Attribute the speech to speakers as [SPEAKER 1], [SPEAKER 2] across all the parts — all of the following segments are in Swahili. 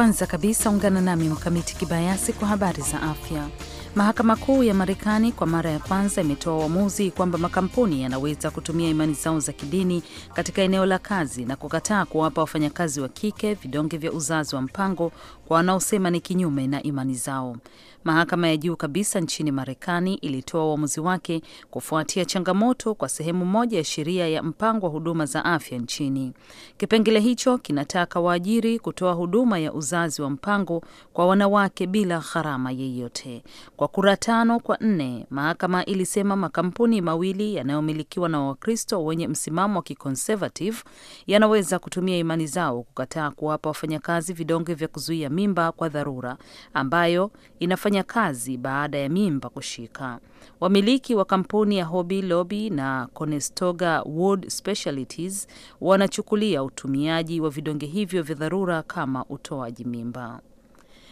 [SPEAKER 1] Kwanza kabisa ungana nami Mkamiti Kibayasi kwa habari za afya. Mahakama Kuu ya Marekani kwa mara ya kwanza imetoa uamuzi kwamba makampuni yanaweza kutumia imani zao za kidini katika eneo la kazi na kukataa kuwapa wafanyakazi wa kike vidonge vya uzazi wa mpango kwa wanaosema ni kinyume na imani zao. Mahakama ya juu kabisa nchini Marekani ilitoa uamuzi wake kufuatia changamoto kwa sehemu moja ya sheria ya mpango wa huduma za afya nchini. Kipengele hicho kinataka waajiri kutoa huduma ya uzazi wa mpango kwa wanawake bila gharama yeyote. Kwa kura tano kwa nne, mahakama ilisema makampuni mawili yanayomilikiwa na Wakristo wenye msimamo wa kiconservative yanaweza kutumia imani zao kukataa kuwapa wafanyakazi vidonge vya kuzuia mimba kwa dharura ambayo inafanya kazi baada ya mimba kushika. Wamiliki wa kampuni ya Hobby Lobby na Conestoga Wood Specialties wanachukulia utumiaji wa vidonge hivyo vya dharura kama utoaji mimba.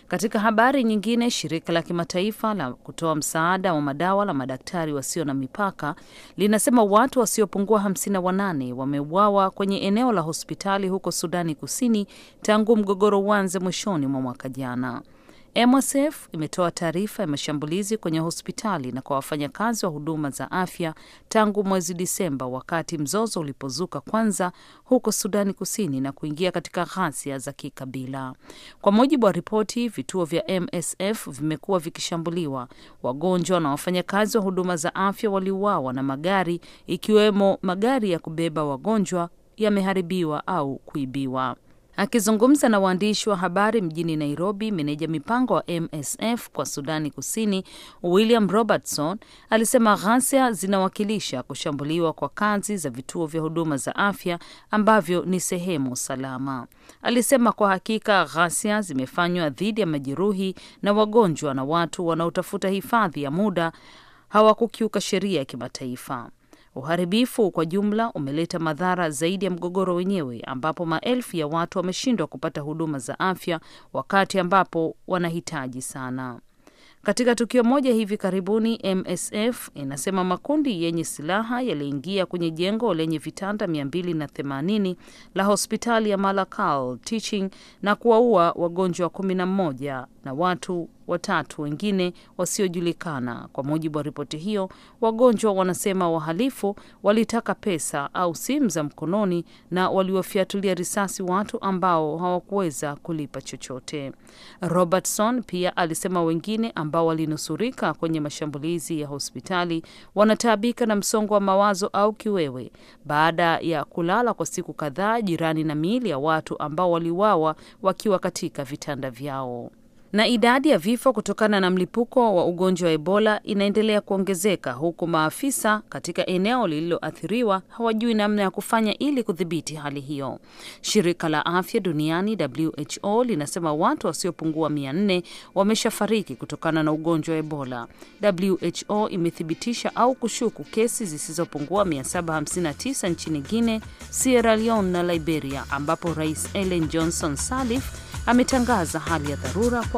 [SPEAKER 1] Katika habari nyingine, shirika la kimataifa la kutoa msaada wa madawa la madaktari wasio na mipaka linasema watu wasiopungua 58 wameuawa kwenye eneo la hospitali huko Sudani Kusini tangu mgogoro uanze mwishoni mwa mwaka jana. MSF imetoa taarifa ya mashambulizi kwenye hospitali na kwa wafanyakazi wa huduma za afya tangu mwezi Disemba, wakati mzozo ulipozuka kwanza huko Sudani Kusini na kuingia katika ghasia za kikabila. Kwa mujibu wa ripoti, vituo vya MSF vimekuwa vikishambuliwa. Wagonjwa na wafanyakazi wa huduma za afya waliuawa na magari, ikiwemo magari ya kubeba wagonjwa yameharibiwa au kuibiwa. Akizungumza na waandishi wa habari mjini Nairobi, meneja mipango wa MSF kwa Sudani Kusini William Robertson alisema ghasia zinawakilisha kushambuliwa kwa kazi za vituo vya huduma za afya ambavyo ni sehemu salama. Alisema kwa hakika ghasia zimefanywa dhidi ya majeruhi na wagonjwa na watu wanaotafuta hifadhi ya muda hawakukiuka sheria ya kimataifa. Uharibifu kwa jumla umeleta madhara zaidi ya mgogoro wenyewe, ambapo maelfu ya watu wameshindwa kupata huduma za afya wakati ambapo wanahitaji sana. Katika tukio moja hivi karibuni, MSF inasema makundi yenye silaha yaliingia kwenye jengo lenye vitanda 280 la hospitali ya Malakal Teaching na kuwaua wagonjwa 11 na watu watatu wengine wasiojulikana. Kwa mujibu wa ripoti hiyo, wagonjwa wanasema wahalifu walitaka pesa au simu za mkononi na waliwafiatulia risasi watu ambao hawakuweza kulipa chochote. Robertson pia alisema wengine ambao walinusurika kwenye mashambulizi ya hospitali wanataabika na msongo wa mawazo au kiwewe baada ya kulala kwa siku kadhaa jirani na miili ya watu ambao waliuawa wakiwa katika vitanda vyao na idadi ya vifo kutokana na mlipuko wa ugonjwa wa Ebola inaendelea kuongezeka huku maafisa katika eneo lililoathiriwa hawajui namna ya kufanya ili kudhibiti hali hiyo. Shirika la Afya Duniani WHO linasema watu wasiopungua 4 wameshafariki kutokana na ugonjwa wa Ebola. WHO imethibitisha au kushuku kesi zisizopungua 759 nchini Guinea, Sierra Leone na Liberia ambapo Rais Ellen Johnson Sirleaf ametangaza hali ya dharura kwa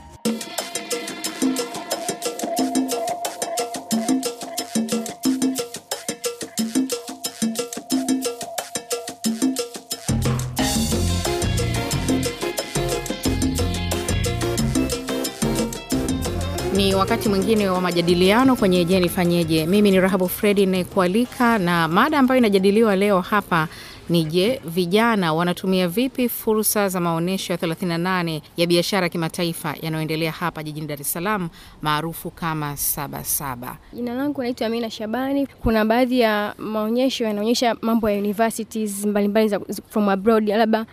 [SPEAKER 2] Ni wakati mwingine wa majadiliano kwenye Je Nifanyeje. Mimi ni Rahabu Fredi inayekualika na mada ambayo inajadiliwa leo hapa ni je, vijana wanatumia vipi fursa za maonyesho ya 38 ya biashara kimataifa yanayoendelea hapa jijini Dar es Salaam maarufu kama Sabasaba.
[SPEAKER 3] Jina langu naitwa Amina Shabani. Kuna baadhi ya maonyesho yanaonyesha mambo ya universities mbalimbali mbali from abroad, labda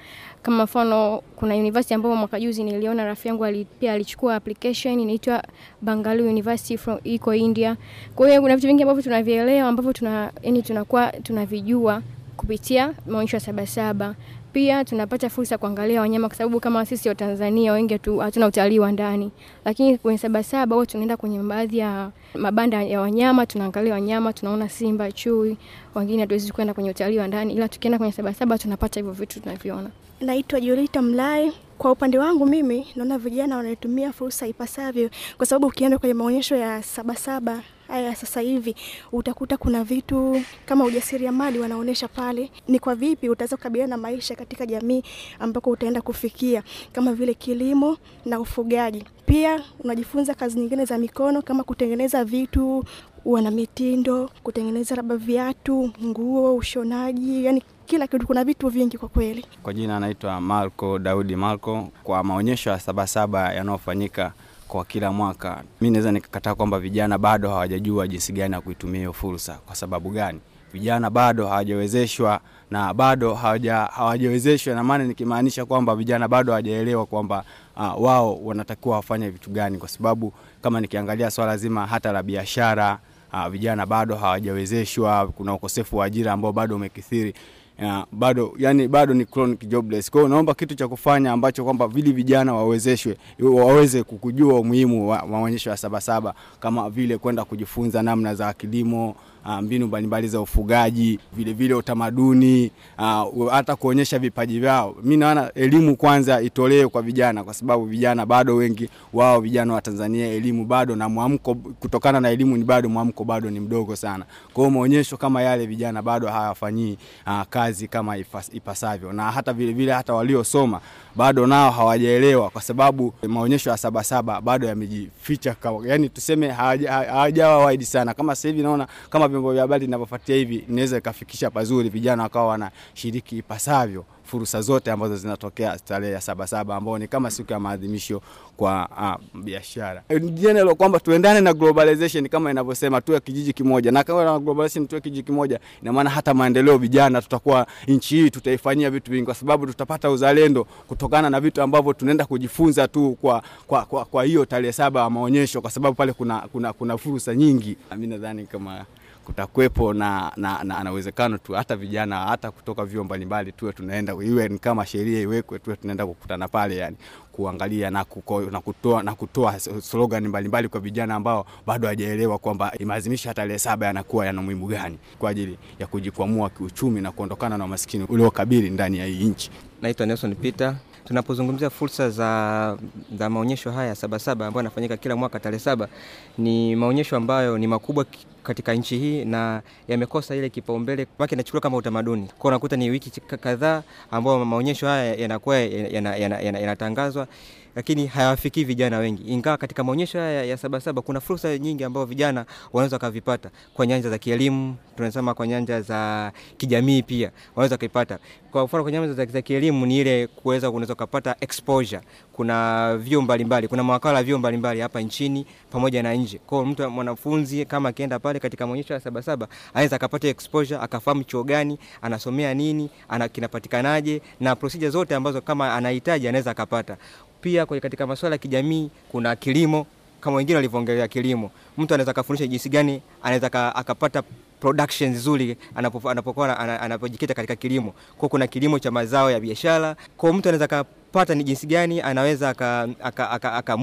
[SPEAKER 3] kama mfano kuna university ambayo mwaka juzi niliona rafiki yangu pia alichukua application inaitwa Bangalore University from iko India. Kwa hiyo kuna vitu vingi ambavyo tunavielewa ambavyo tuna yani tunakuwa tunavijua kupitia maonyesho ya Sabasaba pia tunapata fursa kuangalia wanyama, kwa sababu kama sisi Watanzania wengi tu hatuna utalii wa ndani, lakini kwenye saba saba huwa tunaenda kwenye baadhi ya mabanda ya wanyama, tunaangalia wanyama, tunaona simba, chui. Wengine hatuwezi kwenda kwenye utalii wa ndani, ila tukienda kwenye saba saba tunapata hivyo vitu tunaviona.
[SPEAKER 4] Naitwa Julita Mlai. Kwa upande wangu mimi naona vijana wanatumia fursa ipasavyo, kwa sababu ukienda kwenye maonyesho ya Sabasaba haya sasa hivi utakuta kuna vitu kama ujasiriamali wanaonyesha pale, ni kwa vipi utaweza kukabiliana na maisha katika jamii ambako utaenda kufikia, kama vile kilimo na ufugaji. Pia unajifunza kazi nyingine za mikono kama kutengeneza vitu, wana mitindo, kutengeneza labda viatu, nguo, ushonaji, yani kila kitu. Kuna vitu vingi kwa kweli.
[SPEAKER 5] Kwa jina anaitwa Marco Daudi Marco. Kwa maonyesho ya Sabasaba yanayofanyika kwa kila mwaka, mi naweza nikakataa kwamba vijana bado hawajajua jinsi gani ya kuitumia hiyo fursa. Kwa sababu gani? Vijana bado hawajawezeshwa na bado hawajawezeshwa na maana nikimaanisha kwamba vijana bado hawajaelewa kwamba uh, wao wanatakiwa wafanye vitu gani, kwa sababu kama nikiangalia swala zima hata la biashara uh, vijana bado hawajawezeshwa. Kuna ukosefu wa ajira ambao bado umekithiri. Ya, ah, bado yani bado ni chronic jobless. Kwa hiyo naomba kitu cha kufanya ambacho kwamba vili vijana wawezeshwe waweze kukujua umuhimu wa maonyesho ya Sabasaba kama vile kwenda kujifunza namna za kilimo Ah, mbinu mbalimbali za ufugaji, vile vile utamaduni, ah, hata kuonyesha vipaji vyao. Mi naona elimu kwanza itolewe kwa vijana, kwa sababu vijana bado wengi wao, vijana wa Tanzania, elimu bado na mwamko, kutokana na elimu ni bado mwamko bado ni mdogo sana. Kwa hiyo maonyesho kama yale vijana bado hawafanyii ah, kazi kama ipasavyo, na hata vile vile hata waliosoma bado nao hawajaelewa, kwa sababu maonyesho ya Sabasaba bado yamejificha, yani tuseme hawajawa wide sana kama sasa hivi naona kama vyombo vya habari ninavyofuatia hivi inaweza ikafikisha pazuri, vijana wakawa wanashiriki ipasavyo fursa zote ambazo zinatokea tarehe ya Sabasaba ambao ni kama siku ya maadhimisho kwa uh, biashara general, eh, kwamba tuendane na globalization kama inavyosema tuwe kijiji kimoja, na kama na globalization tuwe kijiji kimoja, ina maana hata maendeleo vijana, tutakuwa nchi hii tutaifanyia vitu vingi, kwa sababu tutapata uzalendo kutokana na vitu ambavyo tunaenda kujifunza tu kwa kwa kwa, kwa hiyo tarehe saba maonyesho, kwa sababu pale kuna kuna, kuna fursa nyingi. Mimi nadhani kama kutakuwepo na, na, na, na uwezekano tu hata vijana hata kutoka vyuo mbalimbali tuwe tunaenda, iwe ni kama sheria iwekwe, tuwe tunaenda kukutana pale, yani kuangalia na, kuko, na, kutoa, na kutoa slogan mbalimbali kwa vijana ambao bado hajaelewa kwamba maadhimisho tarehe saba yanakuwa yana muhimu gani kwa ajili ya kujikwamua kiuchumi na kuondokana na umasikini
[SPEAKER 6] uliokabili ndani ya hii nchi. Naitwa Nelson Peter Tunapozungumzia fursa za, za maonyesho haya Sabasaba ambayo yanafanyika kila mwaka tarehe saba, ni maonyesho ambayo ni makubwa katika nchi hii na yamekosa ile kipaumbele mpaka inachukuliwa kama utamaduni. ko unakuta ni wiki kadhaa ambayo maonyesho haya yanakuwa yanatangazwa yana, yana, yana, yana lakini hayawafikii vijana wengi, ingawa katika maonyesho haya ya Sabasaba kuna fursa nyingi ambazo vijana wanaweza wakavipata kwa nyanja za kielimu, tunasema kwa nyanja za kijamii pia wanaweza wakaipata. Kwa mfano kwa nyanja za, kielimu ni ile kuweza unaweza ukapata exposure. Kuna vyuo mbalimbali, kuna mawakala vyuo mbalimbali hapa nchini pamoja na nje. Kwa mtu mwanafunzi kama akienda pale katika maonyesho ya Sabasaba anaweza akapata exposure, akafahamu chuo gani anasomea nini, ana kinapatikanaje na procedure zote ambazo kama anahitaji anaweza akapata. Pia katika masuala ya kijamii kuna kilimo, kama wengine walivyoongelea kilimo, mtu anaweza kafundisha jinsi gani anaweza akapata production nzuri anapokuwa anapojikita katika kilimo. Kwa kuna kilimo cha mazao ya biashara, kwa mtu anaweza akapata ni jinsi gani anaweza akamudu aka, aka, aka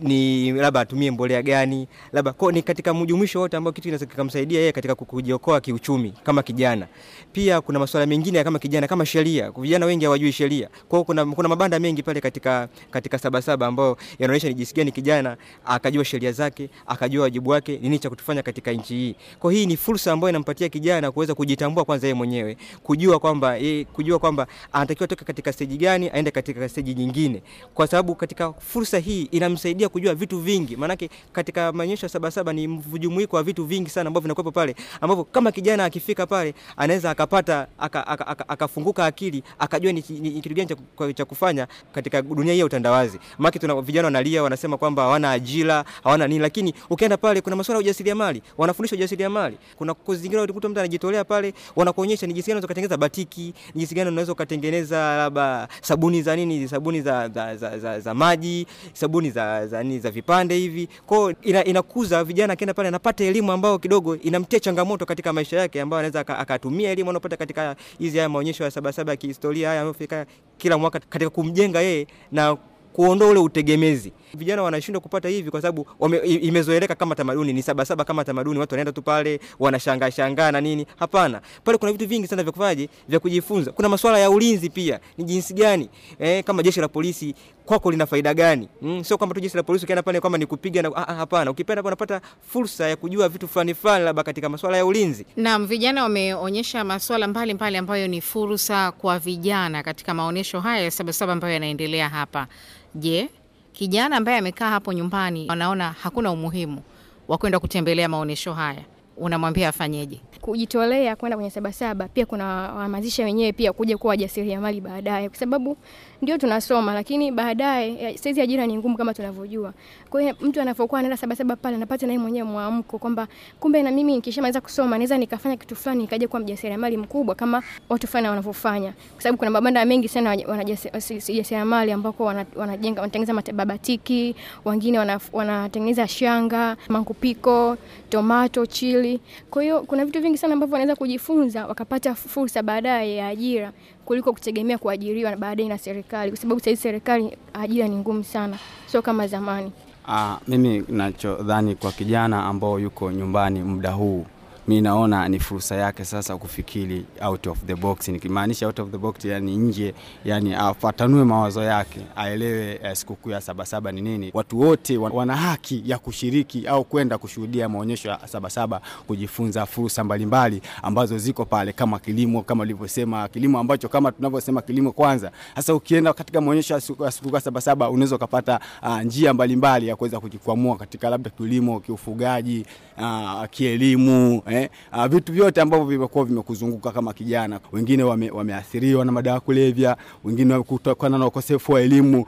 [SPEAKER 6] ni labda atumie mbolea gani, labda kwa ni katika mjumuisho wote ambao kitu kinaweza kumsaidia yeye katika kujiokoa kiuchumi kama kijana. Pia kuna masuala mengine kama kijana kama sheria. Vijana wengi hawajui sheria. Kwa hiyo kuna, kuna mabanda mengi pale katika katika saba saba ambao yanaonyesha ni jinsi gani kijana akajua sheria zake, akajua wajibu wake, nini cha kutufanya katika nchi hii. Kwa hii ni fursa ambayo inampatia kijana kuweza kujitambua kwanza yeye mwenyewe, kujua kwamba yeye eh, kujua kwamba anatakiwa toka katika stage gani aende katika stage nyingine. Kwa sababu katika fursa hii inamsaidia kusaidia kujua vitu vingi, maanake katika maonyesho ya Sabasaba ni mjumuiko wa vitu vingi sana ambavyo vinakuwepo pale, ambavyo kama kijana akifika pale anaweza akapata akafunguka aka, aka, aka akili akajua ni, ni, ni kitu gani cha kufanya katika dunia hii ya utandawazi. Maana tuna vijana wanalia, wanasema kwamba hawana ajira hawana nini, lakini ukienda pale kuna masuala ya ujasiriamali, wanafundisha ujasiriamali. Kuna kozi zingine utakuta mtu anajitolea pale, wanakuonyesha ni jinsi gani unaweza kutengeneza batiki, ni jinsi gani unaweza kutengeneza labda sabuni za nini, sabuni za, za, za, za, za maji, sabuni za za, ni, za vipande hivi kwao ina, inakuza vijana akienda pale anapata elimu ambayo kidogo inamtia changamoto katika maisha yake ambayo anaweza akatumia elimu anayopata katika hizi haya maonyesho ya sabasaba ya kihistoria haya yanayofika kila mwaka katika kumjenga yeye na kuondoa ule utegemezi. Vijana wanashindwa kupata hivi kwa sababu imezoeleka kama tamaduni, ni sabasaba kama tamaduni, watu wanaenda tu pale wanashangaa shangaa na nini. Hapana, pale kuna vitu vingi sana vya kufanyaje, vya kujifunza. Kuna masuala ya ulinzi pia, ni jinsi gani eh, kama jeshi la polisi kwako lina faida gani? Mm, sio kwamba tu jeshi la polisi ukienda pale kwamba kupiga na ah, ah hapana. Ukipenda hapo unapata fursa ya kujua vitu fulani fulani labda katika masuala ya ulinzi.
[SPEAKER 2] Naam, vijana wameonyesha masuala mbalimbali ambayo ni fursa kwa vijana katika maonyesho haya ya Sabasaba ambayo yanaendelea hapa. Je, kijana ambaye amekaa hapo nyumbani wanaona hakuna umuhimu wa kwenda kutembelea maonyesho haya? unamwambia afanyeje?
[SPEAKER 3] Kujitolea kwenda kwenye Sabasaba pia kuna wahamasisha wenyewe pia kuja kuwa wajasiriamali baadaye, kwa sababu ndio tunasoma, lakini baadaye eh, saizi ajira ni ngumu kama tunavyojua. Kwa hiyo mtu anapokuwa anaenda Sabasaba pale anapata naye mwenyewe mwamko kwamba kumbe na mimi nikishamaliza kusoma naweza nikafanya kitu fulani nikaja kuwa mjasiriamali mkubwa kama watu fulani wanavyofanya, kwa sababu kuna mabanda mengi sana wanajasiriamali ambako wanajenga, wanatengeneza matababatiki, wengine wanatengeneza shanga, mankupiko, tomato, chili vizuri. Kwa hiyo kuna vitu vingi sana ambavyo wanaweza kujifunza wakapata fursa baadaye ya ajira kuliko kutegemea kuajiriwa baadaye na serikali, kwa sababu sahizi serikali ajira ni ngumu sana, sio kama zamani.
[SPEAKER 5] Aa, ah, mimi nachodhani kwa kijana ambao yuko nyumbani muda huu mi naona ni fursa yake sasa kufikiri out of the box, nikimaanisha out of the box yani nje, yani afatanue mawazo yake, aelewe eh, sikukuu ya Sabasaba ni nini. Watu wote wana haki ya kushiriki au kwenda kushuhudia maonyesho ya Sabasaba, kujifunza fursa mbalimbali ambazo ziko pale, kama kilimo, kama ulivyosema, kilimo ambacho kama tunavyosema kilimo kwanza. Sasa ukienda katika maonyesho ya sikukuu ya Sabasaba unaweza ukapata uh, njia mbalimbali mbali ya kuweza kujikwamua katika labda kilimo, kiufugaji, uh, kielimu eh, eh, ah, vitu vyote ambavyo vimekuwa vimekuzunguka kama kijana. Wengine wame, wameathiriwa na madawa kulevya, wengine kutokana na ukosefu wa elimu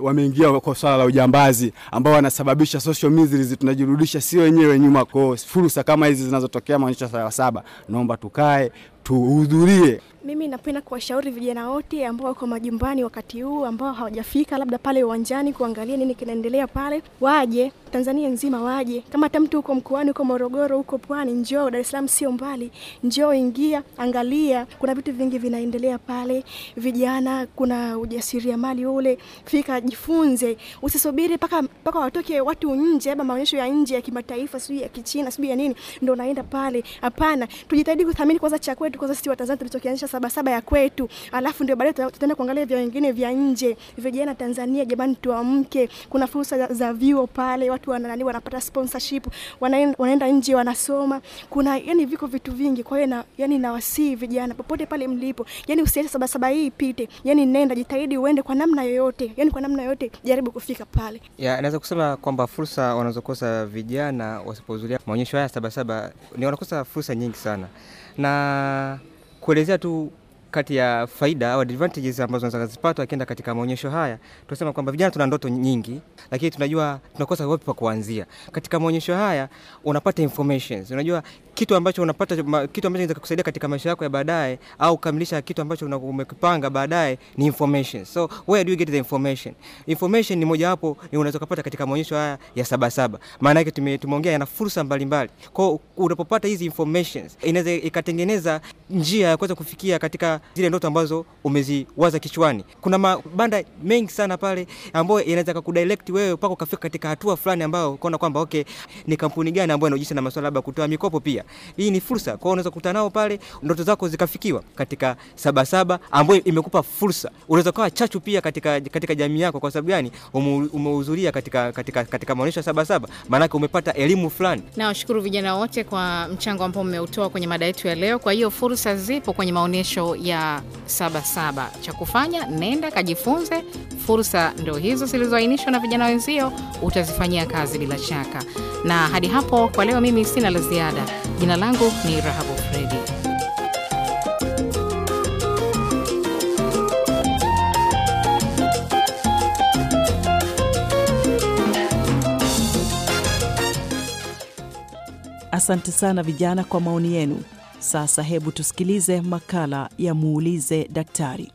[SPEAKER 5] wameingia wame kwa swala la ujambazi ambao wanasababisha social miseries, tunajirudisha si wenyewe nyuma. Kwa fursa kama hizi zinazotokea maonyesho ya Sayawasaba, naomba tukae tuhudhurie.
[SPEAKER 4] Mimi napenda kuwashauri vijana wote ambao wako majumbani wakati huu ambao hawajafika labda pale uwanjani kuangalia nini kinaendelea pale, waje Tanzania nzima waje. Kama hata mtu huko mkoani, huko Morogoro, huko Pwani, njoo. Dar es Salaam sio mbali, njoo, ingia, angalia, kuna vitu vingi vinaendelea pale. Vijana, kuna ujasiriamali ule, fika, jifunze, usisubiri mpaka mpaka watoke watu nje, labda maonyesho ya nje ya kimataifa, sijui ya Kichina, sijui ya nini, ndo naenda pale. Hapana, tujitahidi kuthamini kwanza chakula kwetu kwanza, sisi Watanzania tulichokianzisha Sabasaba ya kwetu, alafu ndio baadaye tutaenda kuangalia vya wengine vya nje. Vijana Tanzania, jamani, tuamke, kuna fursa za za vyuo pale, watu wanani wanapata sponsorship, wanaenda, wanaenda nje wanasoma. Kuna yani viko vitu vingi, kwa hiyo na yani nawasihi vijana popote pale mlipo, yani usiache Sabasaba hii ipite, yani nenda, jitahidi uende kwa namna yoyote, yani kwa namna yoyote jaribu kufika pale.
[SPEAKER 6] Yeah, naweza kusema kwamba fursa wanazokosa vijana wasipohudhuria maonyesho haya Sabasaba ni wanakosa fursa nyingi sana na kuelezea tu kati ya faida au advantages ambazo unaweza kuzipata akienda katika maonyesho haya, tunasema kwamba vijana tuna ndoto nyingi, lakini tunajua tunakosa wapi pa kuanzia. Katika maonyesho haya unapata informations, unajua kitu ambacho unapata, kitu ambacho kinaweza kukusaidia katika maisha yako ya baadaye, au kukamilisha kitu ambacho umekipanga baadaye ni information. So where do you get the information? Information ni moja wapo ni unaweza kupata katika maonyesho haya ya saba saba. maana yake tumeongea yana fursa mbalimbali. Kwa unapopata hizi informations inaweza ikatengeneza njia ya kuweza kufikia katika zile ndoto ambazo umeziwaza kichwani. Kuna mabanda mengi sana pale ambayo yanaweza kukudirect wewe mpaka ukafika katika hatua fulani ambayo ukaona kwamba okay, ni kampuni gani ambayo inajihusisha na masuala labda kutoa mikopo pia. Hii ni fursa. Kwa hiyo unaweza kukutana nao pale, ndoto zako zikafikiwa katika saba saba ambayo imekupa fursa. Unaweza kuwa chachu pia katika katika jamii yako kwa sababu gani? Umehudhuria katika katika katika maonyesho saba saba. maana umepata elimu fulani.
[SPEAKER 2] Na washukuru vijana wote kwa mchango ambao mmeutoa kwenye mada yetu ya leo. Kwa hiyo fursa zipo kwenye maonyesho ya ya sabasaba. Cha kufanya nenda kajifunze, fursa ndio hizo zilizoainishwa na vijana wenzio, utazifanyia kazi bila shaka. Na hadi hapo kwa leo, mimi sina la ziada. Jina langu ni Rahabu Fredi.
[SPEAKER 7] Asante sana vijana kwa maoni yenu. Sasa hebu tusikilize makala ya muulize daktari.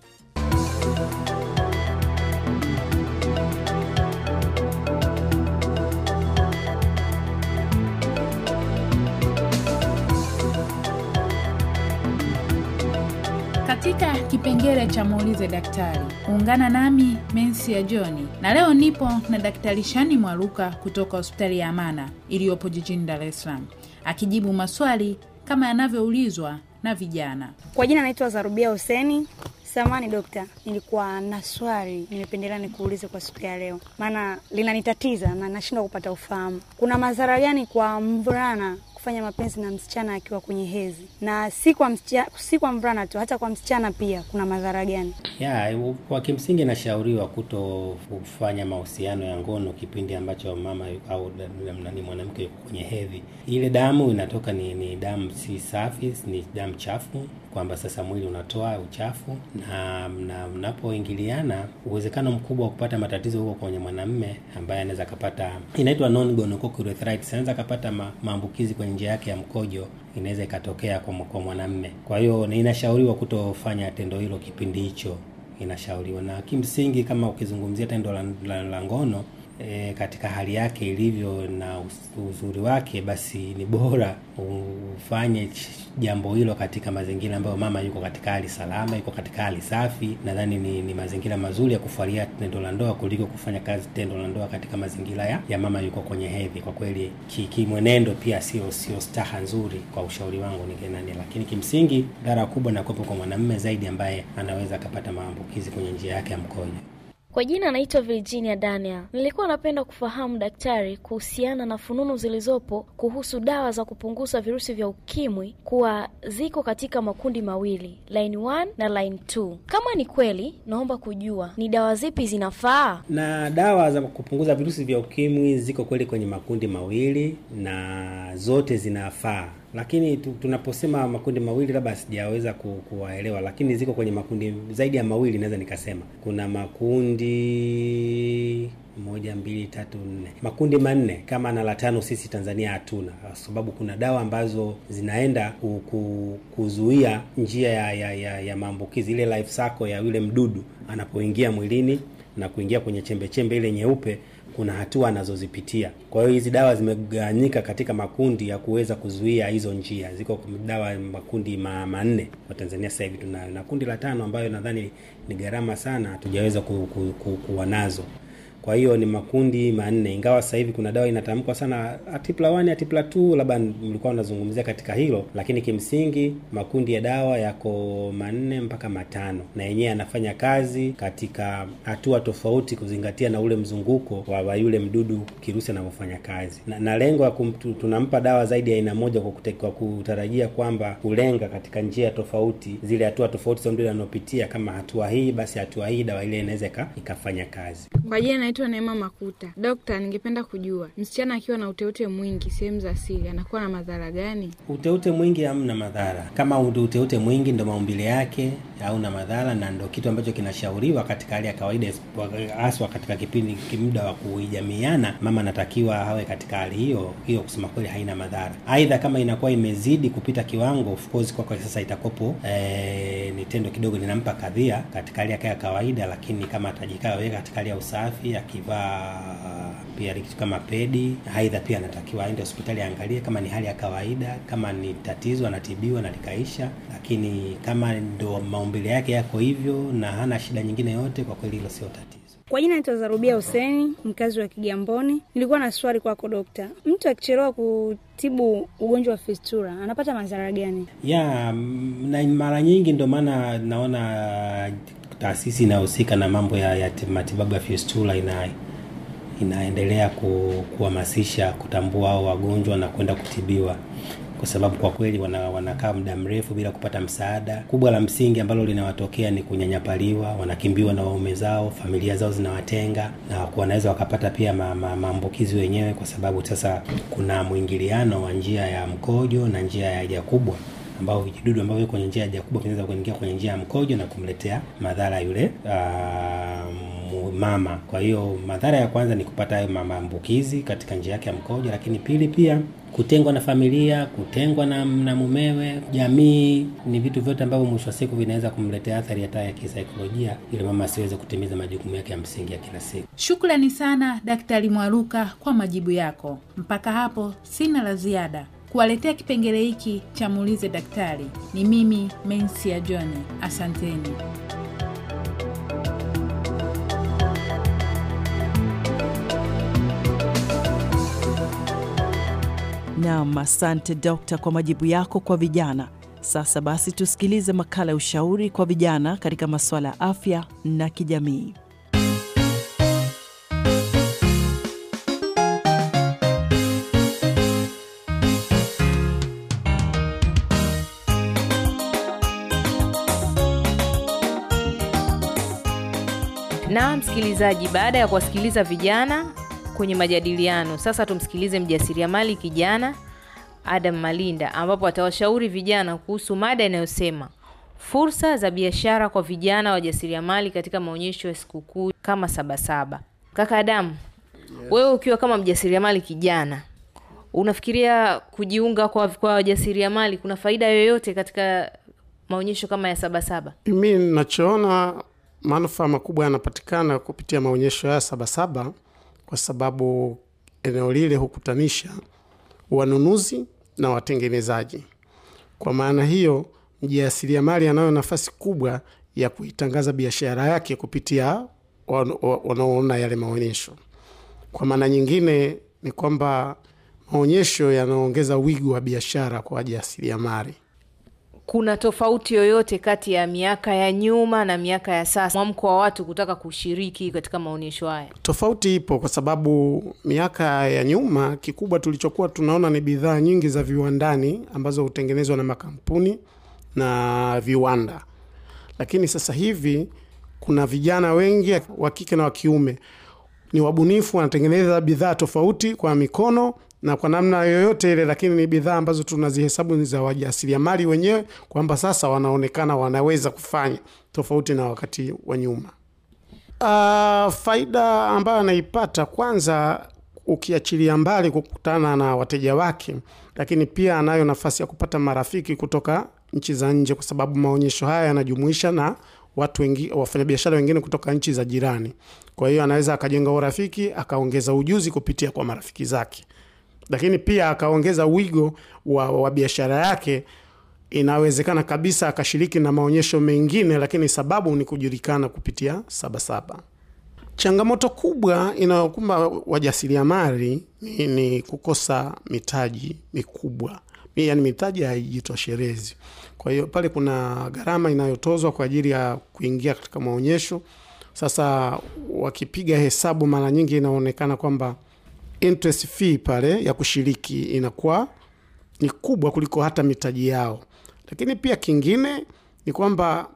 [SPEAKER 1] Katika kipengele cha muulize daktari, ungana nami Mensi ya Johni, na leo nipo na Daktari Shani Mwaruka kutoka hospitali ya Amana iliyopo jijini Dar es Salaam, akijibu maswali kama yanavyoulizwa na vijana.
[SPEAKER 4] Kwa jina naitwa Zarubia Huseni. Samani dokta, nilikuwa na swali nimependelea nikuulize kwa siku ya leo, maana linanitatiza na nashindwa kupata ufahamu. Kuna madhara gani kwa mvulana kufanya mapenzi na msichana akiwa kwenye hezi na si kwa msichana, si kwa mvulana tu, hata kwa msichana pia kuna madhara gani?
[SPEAKER 8] Yeah, kwa kimsingi nashauriwa kuto kufanya mahusiano ya ngono kipindi ambacho mama au ni mwanamke yuko kwenye hedhi. Ile damu inatoka ni, ni damu si safi, ni damu chafu kwamba sasa mwili unatoa uchafu na mnapoingiliana, uwezekano mkubwa wa kupata matatizo huko kwenye mwanamme ambaye anaweza akapata, inaitwa non gonococcal urethritis, anaweza akapata maambukizi kwenye njia yake ya mkojo, inaweza ikatokea kwa mwanamme Kwa hiyo inashauriwa kutofanya tendo hilo kipindi hicho, inashauriwa na kimsingi, kama ukizungumzia tendo la, la, la ngono e, katika hali yake ilivyo na uzuri wake, basi ni bora ufanye jambo hilo katika mazingira ambayo mama yuko katika hali salama, yuko katika hali safi. Nadhani ni, ni mazingira mazuri ya kufuatilia tendo la ndoa kuliko kufanya kazi tendo la ndoa katika mazingira ya, ya mama yuko kwenye hedhi. Kwa kweli kimwenendo ki pia sio sio staha nzuri, kwa ushauri wangu ningenani, lakini kimsingi dhara kubwa na kwa mwanamume zaidi ambaye anaweza akapata maambukizi kwenye njia yake ya mkojo.
[SPEAKER 3] Kwa jina anaitwa Virginia Daniel. Nilikuwa napenda kufahamu daktari, kuhusiana na fununu zilizopo kuhusu dawa za kupunguza virusi vya ukimwi kuwa ziko katika makundi mawili, line 1 na line 2. Kama ni kweli, naomba kujua ni dawa zipi zinafaa.
[SPEAKER 8] Na dawa za kupunguza virusi vya ukimwi ziko kweli kwenye makundi mawili na zote zinafaa lakini tunaposema makundi mawili labda sijaweza ku, kuwaelewa, lakini ziko kwenye makundi zaidi ya mawili, naweza nikasema kuna makundi moja, mbili, tatu, nne, makundi manne kama na la tano sisi Tanzania hatuna, kwa sababu kuna dawa ambazo zinaenda ku, ku, kuzuia njia ya, ya, ya, ya maambukizi, ile life sako ya yule mdudu anapoingia mwilini na kuingia kwenye chembechembe ile nyeupe kuna hatua anazozipitia. Kwa hiyo hizi dawa zimegawanyika katika makundi ya kuweza kuzuia hizo njia. Ziko dawa makundi ma, manne kwa Tanzania sasa hivi tunayo, na kundi la tano ambayo nadhani ni gharama sana, hatujaweza ku, ku, ku, kuwa nazo. Kwa hiyo ni makundi manne, ingawa sasa hivi kuna dawa inatamkwa sana atipla 1 atipla 2, labda mlikuwa unazungumzia katika hilo, lakini kimsingi makundi ya dawa yako manne mpaka matano, na yenyewe anafanya kazi katika hatua tofauti kuzingatia na ule mzunguko wa, wa yule mdudu kirusi anavyofanya kazi, na, na lengo ya tunampa dawa zaidi ya aina moja kwa, kutarajia kwamba kulenga katika njia tofauti zile hatua tofauti za mdudu anaopitia. Kama hatua hii, basi hatua hii dawa ile inaweza ikafanya kazi
[SPEAKER 9] kwa jina naitwa Neema Makuta. Dokta, ningependa kujua msichana akiwa na uteute mwingi sehemu za siri anakuwa na madhara gani?
[SPEAKER 8] Uteute mwingi hamna madhara, kama uteute mwingi ndo maumbile yake au na madhara, na ndo kitu ambacho kinashauriwa katika hali ya kawaida, haswa katika kipindi muda wa kuijamiana, mama anatakiwa awe katika hali hiyo hiyo. Kusema kweli, haina madhara. Aidha, kama inakuwa imezidi kupita kiwango, of course kwa kwa sasa itakopo eh, ni tendo kidogo linampa kadhia katika hali yake ya kawaida, lakini kama atajikaweka katika hali ya usafi akivaa pia kitu kama pedi, aidha pia anatakiwa aende hospitali aangalie kama ni hali ya kawaida, kama ni tatizo anatibiwa na likaisha. Lakini kama ndo maumbile yake yako hivyo na hana shida nyingine yote, kwa kweli hilo sio tatizo.
[SPEAKER 4] Kwa jina naitwa Zarubia Huseni, mkazi wa Kigamboni. Nilikuwa na swali kwako dokta, mtu akichelewa kutibu ugonjwa wa fistura anapata madhara gani?
[SPEAKER 8] ya yeah, mm, mara nyingi ndio maana naona taasisi inayohusika na mambo ya, ya matibabu ya fistula ina inaendelea ku, kuhamasisha kutambua hao wagonjwa na kwenda kutibiwa kwa sababu kwa kweli wana, wanakaa muda mrefu bila kupata msaada. Kubwa la msingi ambalo linawatokea ni kunyanyapaliwa, wanakimbiwa na waume zao, familia zao zinawatenga na wanaweza wakapata pia ma, ma, maambukizi wenyewe, kwa sababu sasa kuna mwingiliano wa njia ya mkojo na njia ya haja kubwa ambao vijidudu ambavyo kwenye njia ya kubwa vinaweza kuingia kwenye njia ya mkojo na kumletea madhara yule uh, mama. Kwa hiyo madhara ya kwanza ni kupata hayo maambukizi katika njia yake ya mkojo, lakini pili pia kutengwa na familia, kutengwa na, na mumewe, jamii, ni vitu vyote ambavyo mwisho wa siku vinaweza kumletea athari hata ya kisaikolojia, ili mama asiweze kutimiza majukumu yake ya msingi ya kila siku.
[SPEAKER 1] Shukrani sana Daktari Mwaruka kwa majibu yako. Mpaka hapo sina la ziada kuwaletea kipengele hiki cha muulize daktari. Ni mimi Mensia John, asanteni.
[SPEAKER 7] Nam, asante dokta kwa majibu yako kwa vijana. Sasa basi tusikilize makala ya ushauri kwa vijana katika masuala ya afya na kijamii.
[SPEAKER 9] na msikilizaji, baada ya kuwasikiliza vijana kwenye majadiliano, sasa tumsikilize mjasiriamali kijana Adam Malinda ambapo atawashauri vijana kuhusu mada inayosema fursa za biashara kwa vijana wajasiriamali katika maonyesho ya sikukuu kama Sabasaba. Kaka Adamu, yes. Wewe ukiwa kama mjasiriamali kijana unafikiria kujiunga kwa kwa wajasiriamali kuna faida yoyote katika maonyesho kama ya Sabasaba?
[SPEAKER 10] Mi nachoona manufaa makubwa yanapatikana kupitia maonyesho ya Sabasaba kwa sababu eneo lile hukutanisha wanunuzi na watengenezaji. Kwa maana hiyo, mjasiriamali anayo nafasi kubwa ya kuitangaza biashara yake kupitia wanaoona yale maonyesho. Kwa maana nyingine ni kwamba maonyesho yanaongeza wigo wa biashara kwa wajasiriamali kuna
[SPEAKER 9] tofauti yoyote kati ya miaka ya nyuma na miaka ya sasa, mwamko wa watu kutaka kushiriki katika maonyesho haya?
[SPEAKER 10] Tofauti ipo, kwa sababu miaka ya nyuma kikubwa tulichokuwa tunaona ni bidhaa nyingi za viwandani ambazo hutengenezwa na makampuni na viwanda, lakini sasa hivi kuna vijana wengi wa kike na wa kiume, ni wabunifu, wanatengeneza bidhaa tofauti kwa mikono na kwa namna yoyote ile, lakini ni bidhaa ambazo tunazihesabu ni za wajasiriamali wenyewe, kwamba sasa wanaonekana wanaweza kufanya tofauti na wakati wa nyuma. Uh, faida ambayo anaipata kwanza, ukiachilia mbali kukutana na wateja wake, lakini pia anayo nafasi ya kupata marafiki kutoka nchi za nje, kwa sababu maonyesho haya yanajumuisha na watu wengi, wafanyabiashara wengine kutoka nchi za jirani. Kwa hiyo anaweza akajenga urafiki, akaongeza ujuzi kupitia kwa marafiki zake lakini pia akaongeza wigo wa, wa biashara yake. Inawezekana kabisa akashiriki na maonyesho mengine, lakini sababu ni kujulikana kupitia Sabasaba. Changamoto kubwa inayokumba wajasiriamali ni, ni kukosa mitaji mikubwa, yaani mitaji haijitosherezi Kwa hiyo pale kuna gharama inayotozwa kwa ajili ya kuingia katika maonyesho. Sasa wakipiga hesabu, mara nyingi inaonekana kwamba interest fee pale ya kushiriki inakuwa ni kubwa kuliko hata mitaji yao. Lakini pia kingine ni kwamba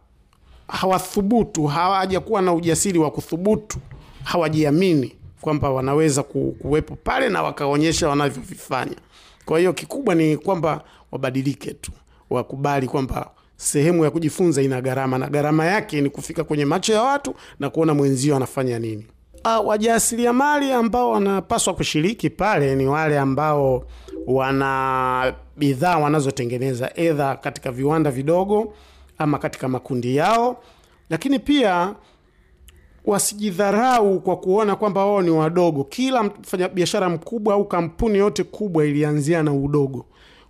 [SPEAKER 10] hawathubutu, hawajakuwa na ujasiri wa kuthubutu, hawajiamini kwamba wanaweza kuwepo pale na wakaonyesha wanavyovifanya. Kwa hiyo kikubwa ni kwamba wabadilike tu, wakubali kwamba sehemu ya kujifunza ina gharama na gharama yake ni kufika kwenye macho ya watu na kuona mwenzio anafanya nini uh, wajasiriamali ambao wanapaswa kushiriki pale ni wale ambao wana bidhaa wanazotengeneza edha katika viwanda vidogo ama katika makundi yao, lakini pia wasijidharau kwa kuona kwamba wao ni wadogo. Kila mfanyabiashara mkubwa au kampuni yote kubwa ilianzia na udogo.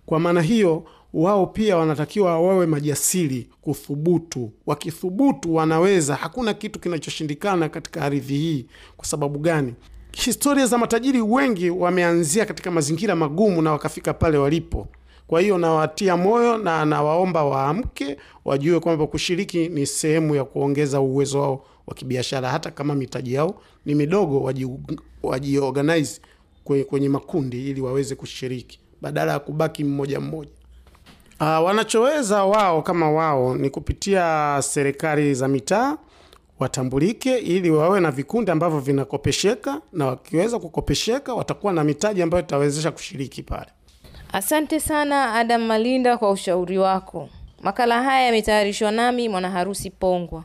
[SPEAKER 10] Kwa maana hiyo, wao pia wanatakiwa wawe majasiri kuthubutu. Wakithubutu wanaweza, hakuna kitu kinachoshindikana katika ardhi hii. Kwa sababu gani? Historia za matajiri wengi wameanzia katika mazingira magumu na wakafika pale walipo. Kwa hiyo nawatia moyo na nawaomba waamke, wajue kwamba kushiriki ni sehemu ya kuongeza uwezo wao wa kibiashara. Hata kama mitaji yao ni midogo, waji, kwenye makundi ili waweze kushiriki badala ya kubaki mmoja mmoja. Uh, wanachoweza wao kama wao ni kupitia serikali za mitaa watambulike, ili wawe na vikundi ambavyo vinakopesheka, na wakiweza kukopesheka watakuwa na mitaji ambayo itawezesha kushiriki pale.
[SPEAKER 9] Asante sana Adam Malinda kwa ushauri wako. Makala haya yametayarishwa nami mwana harusi Pongwa.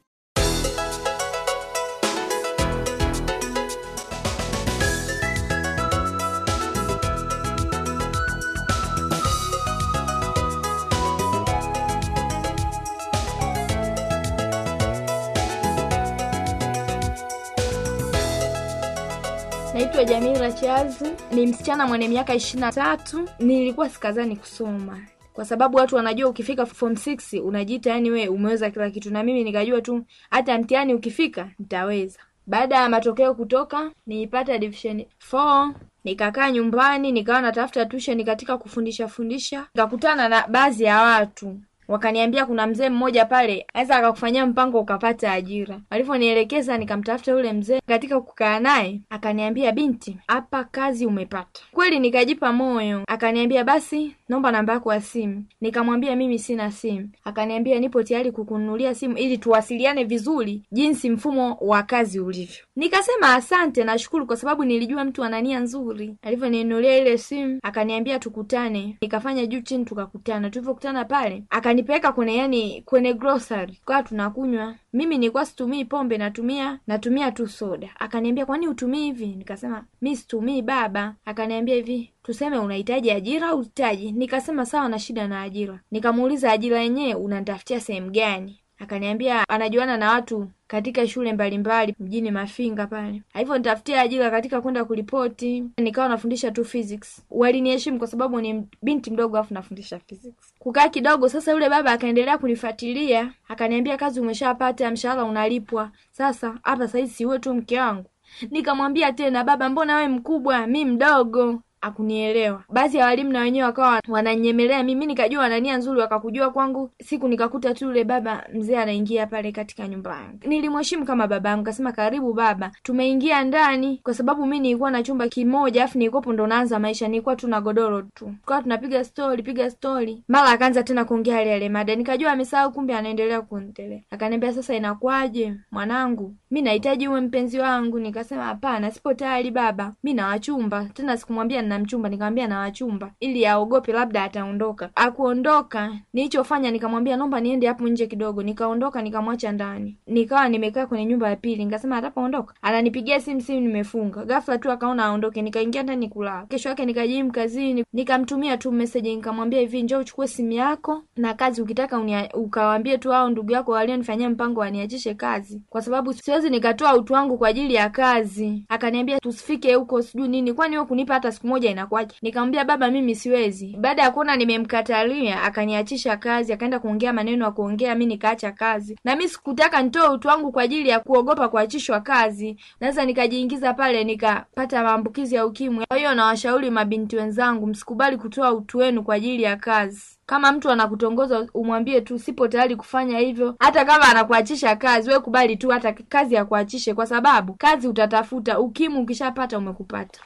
[SPEAKER 11] Naitwa Jamila Chazi, ni msichana mwenye miaka ishirini na tatu. Nilikuwa sikazani kusoma kwa sababu watu wanajua ukifika form six unajiita yani wee umeweza kila kitu, na mimi nikajua tu hata mtihani ukifika nitaweza. Baada ya matokeo kutoka, nilipata division 4 nikakaa nyumbani, nikawa natafuta tuition katika kufundisha fundisha, nikakutana na baadhi ya watu wakaniambia kuna mzee mmoja pale aweza akakufanyia mpango ukapata ajira. Walivyonielekeza nikamtafuta yule mzee, katika kukaa naye akaniambia, binti, hapa kazi umepata kweli. Nikajipa moyo, akaniambia basi Nomba namba yako ya simu nikamwambia mimi sina simu akaniambia nipo tayari kukununulia simu ili tuwasiliane vizuri jinsi mfumo wa kazi ulivyo nikasema asante nashukuru kwa sababu nilijua mtu ana nia nzuri alivyoninunulia ile simu akaniambia tukutane nikafanya juu chini tukakutana tulivyokutana pale akanipeleka kwenye yani kwenye grocery kwa tunakunywa mimi nilikuwa situmii pombe natumia natumia tu soda. Akaniambia kwani utumii hivi? Nikasema mi situmii baba. Akaniambia hivi, tuseme unahitaji ajira au utaji Nikasema sawa, na shida na ajira. Nikamuuliza ajira yenyewe unanitafutia sehemu gani? Akaniambia anajuana na watu katika shule mbalimbali mjini Mafinga pale, nitafutia ajira katika kwenda kuripoti, nikawa nafundisha tu physics. Waliniheshimu kwa sababu ni binti mdogo afu nafundisha physics. Kukaa kidogo sasa, yule baba akaendelea kunifuatilia, akaniambia kazi umeshapata, mshahara unalipwa. Sasa hapa saizi siwe tu mke wangu. Nikamwambia tena, baba, mbona wewe mkubwa, mi mdogo? akunielewa Baadhi ya walimu na wenyewe wakawa wananyemelea mimi, nikajua wanania nzuri, wakakujua kwangu. Siku nikakuta tu yule baba mzee anaingia pale katika nyumba yangu, nilimheshimu kama baba yangu kasema karibu baba. Tumeingia ndani, kwa sababu mi nilikuwa na chumba kimoja, afu nilikuwapo ndo naanza maisha, nilikuwa tu na godoro tu, tukawa tunapiga stori, piga stori, mara akaanza tena kuongea yale yale mada, nikajua amesahau, kumbe anaendelea kuendelea. Akaniambia sasa, inakuwaje mwanangu, mi nahitaji uwe mpenzi wangu. Nikasema hapana, sipo tayari baba, mi nawachumba tena sikumwambia na mchumba, nikamwambia na wachumba, ili aogope labda ataondoka. Akuondoka, nilichofanya nikamwambia naomba niende hapo nje kidogo. Nikaondoka nikamwacha ndani, nikawa nimekaa kwenye nyumba ya pili. Nikasema atapoondoka ananipigia simu, simu nimefunga. Ghafla tu akaona aondoke, nikaingia ndani kulala. Kesho yake nikajimu kazini, nikamtumia tu message, nikamwambia hivi, njoo uchukue simu yako na kazi, ukitaka unia, ukawaambie tu hao ndugu yako walionifanyia mpango waniachishe kazi, kwa sababu siwezi nikatoa utu wangu kwa ajili ya kazi. Akaniambia tusifike huko sijui nini, kwani wewe kunipa hata siku moja moja inakuwaje? Nikamwambia baba, mimi siwezi. Baada ya kuona nimemkatalia, akaniachisha kazi, akaenda kuongea maneno ya kuongea, mi nikaacha kazi, na mi sikutaka nitoe utu wangu kwa ajili ya kuogopa kuachishwa kazi. Naweza nikajiingiza pale nikapata maambukizi ya ukimwi. Kwa hiyo nawashauri mabinti wenzangu, msikubali kutoa utu wenu kwa ajili ya kazi. Kama mtu anakutongoza umwambie tu, sipo tayari kufanya hivyo. Hata kama anakuachisha kazi, we kubali tu, hata kazi ya kuachishe, kwa sababu kazi utatafuta. Ukimwi ukishapata umekupata.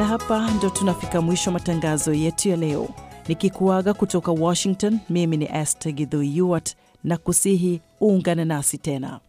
[SPEAKER 7] Na hapa ndo tunafika mwisho matangazo yetu ya leo, nikikuaga kutoka Washington. Mimi ni este Githu na kusihi uungane nasi tena.